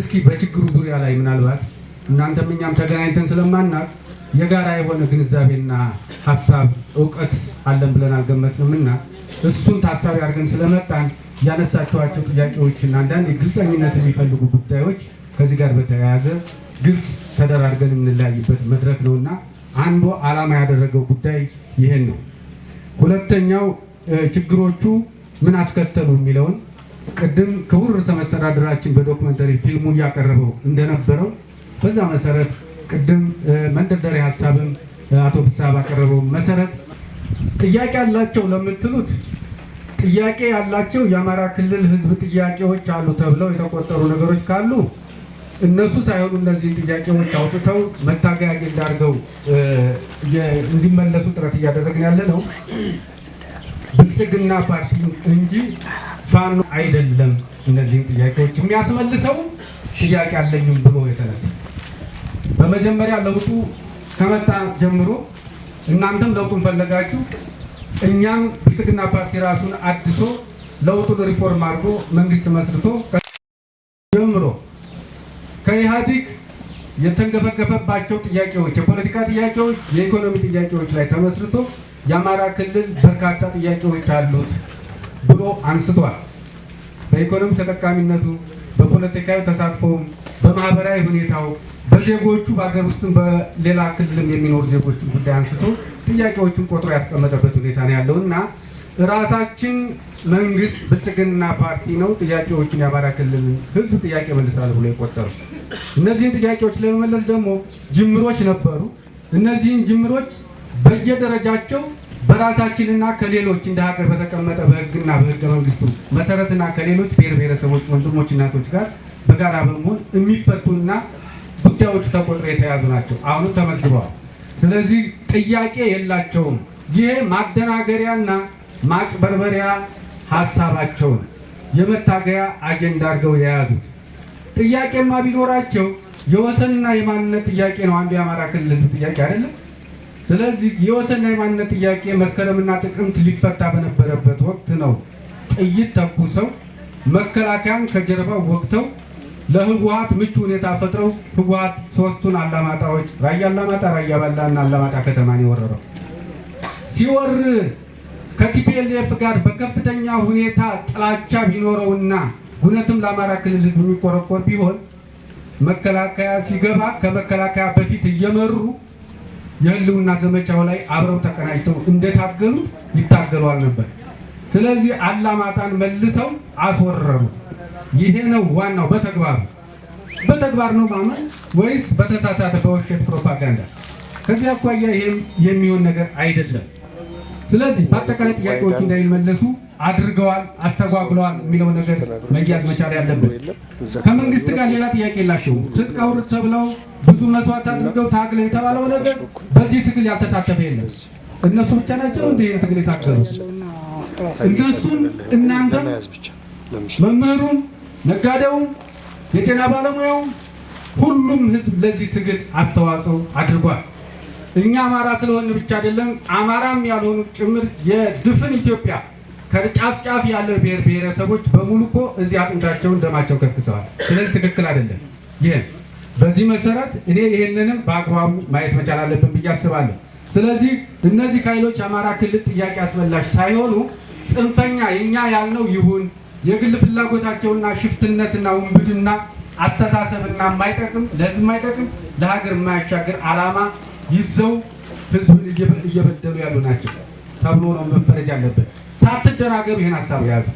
እስኪ በችግሩ ዙሪያ ላይ ምናልባት እናንተም እኛም ተገናኝተን ስለማናት የጋራ የሆነ ግንዛቤና ሀሳብ እውቀት አለን ብለን አልገመትንም እና እሱን ታሳቢ አድርገን ስለመጣን ያነሳችኋቸው እና አንዳንድ ግልጸኝነት የሚፈልጉ ጉዳዮች ከዚህ ጋር በተያያዘ ግልጽ ተደራርገን የምንለያይበት መድረክ ነው እና አንዱ ዓላማ ያደረገው ጉዳይ ይህን ነው። ሁለተኛው ችግሮቹ ምን አስከተሉ የሚለውን ቅድም ክቡር ርዕሰ መስተዳድራችን በዶክመንተሪ ፊልሙ ያቀረበው እንደነበረው በዛ መሰረት ቅድም መንደርደሪያ ሀሳብም አቶ ፍስሐ ባቀረበው መሰረት ጥያቄ ያላቸው ለምትሉት ጥያቄ ያላቸው የአማራ ክልል ህዝብ ጥያቄዎች አሉ ተብለው የተቆጠሩ ነገሮች ካሉ እነሱ ሳይሆኑ እነዚህን ጥያቄዎች አውጥተው መታገያ አጀንዳ አድርገው እንዲመለሱ ጥረት እያደረግን ያለ ነው ብልጽግና ፓርቲ እንጂ ፋኖ አይደለም። እነዚህም ጥያቄዎች የሚያስመልሰው ጥያቄ አለኝም ብሎ የተነሳ በመጀመሪያ ለውጡ ከመጣ ጀምሮ እናንተም ለውጡን ፈለጋችሁ፣ እኛም ብልጽግና ፓርቲ ራሱን አድሶ ለውጡን ሪፎርም አድርጎ መንግስት መስርቶ ጀምሮ ከኢህአዲግ የተንገፈገፈባቸው ጥያቄዎች፣ የፖለቲካ ጥያቄዎች፣ የኢኮኖሚ ጥያቄዎች ላይ ተመስርቶ የአማራ ክልል በርካታ ጥያቄዎች አሉት። ብሎ አንስቷል። በኢኮኖሚ ተጠቃሚነቱ፣ በፖለቲካዊ ተሳትፎም፣ በማህበራዊ ሁኔታው፣ በዜጎቹ በሀገር ውስጥም በሌላ ክልልም የሚኖሩ ዜጎችን ጉዳይ አንስቶ ጥያቄዎቹን ቆጥሮ ያስቀመጠበት ሁኔታ ነው ያለው እና ራሳችን መንግስት ብልጽግና ፓርቲ ነው ጥያቄዎችን የአማራ ክልል ህዝብ ጥያቄ መልሳል ብሎ የቆጠሩ እነዚህን ጥያቄዎች ለመመለስ ደግሞ ጅምሮች ነበሩ። እነዚህን ጅምሮች በየደረጃቸው በራሳችንና ከሌሎች እንደ ሀገር በተቀመጠ በህግና በህገ መንግስቱ መሰረትና ከሌሎች ብሔር ብሔረሰቦች ወንድሞች፣ እናቶች ጋር በጋራ በመሆን የሚፈቱና ጉዳዮቹ ተቆጥሮ የተያዙ ናቸው። አሁንም ተመዝግበዋል። ስለዚህ ጥያቄ የላቸውም። ይሄ ማደናገሪያና ማጭበርበሪያ ሀሳባቸውን የመታገያ አጀንዳ አድርገው የያዙት ጥያቄማ ቢኖራቸው የወሰንና የማንነት ጥያቄ ነው። አንዱ የአማራ ክልል ህዝብ ጥያቄ አይደለም። ስለዚህ የወሰንና የማንነት ጥያቄ መስከረምና ጥቅምት ሊፈታ በነበረበት ወቅት ነው ጥይት ተኩሰው መከላከያን ከጀርባው ወቅተው ለህወሀት ምቹ ሁኔታ ፈጥረው ህወሀት ሶስቱን አላማጣዎች ራያ አላማጣ፣ ራያ ባላና አላማጣ ከተማን የወረረው ሲወር ከቲፒኤልኤፍ ጋር በከፍተኛ ሁኔታ ጥላቻ ቢኖረውና እውነትም ለአማራ ክልል ህዝብ የሚቆረቆር ቢሆን መከላከያ ሲገባ ከመከላከያ በፊት እየመሩ የህልውና ዘመቻው ላይ አብረው ተቀናጅተው እንደታገሉት ይታገሏል ነበር። ስለዚህ አላማጣን መልሰው አስወረሩት። ይሄ ነው ዋናው። በተግባሩ በተግባር ነው ማመን ወይስ በተሳሳተ በውሸት ፕሮፓጋንዳ? ከዚህ አኳያ ይሄም የሚሆን ነገር አይደለም። ስለዚህ በአጠቃላይ ጥያቄዎች እንዳይመለሱ አድርገዋል፣ አስተጓጉለዋል የሚለው ነገር መያዝ መቻል ያለብን። ከመንግስት ጋር ሌላ ጥያቄ የላቸው ትጥቅ አውርድ ተብለው ብዙ መስዋዕት አድርገው ታግለው የተባለው ነገር በዚህ ትግል ያልተሳተፈ የለም። እነሱ ብቻ ናቸው እንደ ይህን ትግል የታገሉ እነሱን እናንተ መምህሩም፣ ነጋዴውም፣ የጤና ባለሙያውም ሁሉም ህዝብ ለዚህ ትግል አስተዋጽኦ አድርጓል። እኛ አማራ ስለሆን ብቻ አይደለም፣ አማራም ያልሆኑ ጭምር የድፍን ኢትዮጵያ ከጫፍ ጫፍ ያለው ብሔር ብሔረሰቦች በሙሉ እኮ እዚህ አጥንታቸውን ደማቸው ከስክሰዋል። ስለዚህ ትክክል አይደለም። ይህን በዚህ መሰረት እኔ ይህንንም በአግባቡ ማየት መቻል አለብን ብዬ አስባለሁ። ስለዚህ እነዚህ ኃይሎች የአማራ ክልል ጥያቄ አስመላሽ ሳይሆኑ ጽንፈኛ የኛ ያልነው ይሁን የግል ፍላጎታቸውና ሽፍትነትና ውንብድና አስተሳሰብና የማይጠቅም ለህዝብ የማይጠቅም ለሀገር የማያሻገር አላማ ይዘው ህዝብን እየበደሉ ያሉ ናቸው ተብሎ ነው መፈረጅ አለበት። ሳትደራገሩ ይህን ሀሳብ ያዙ።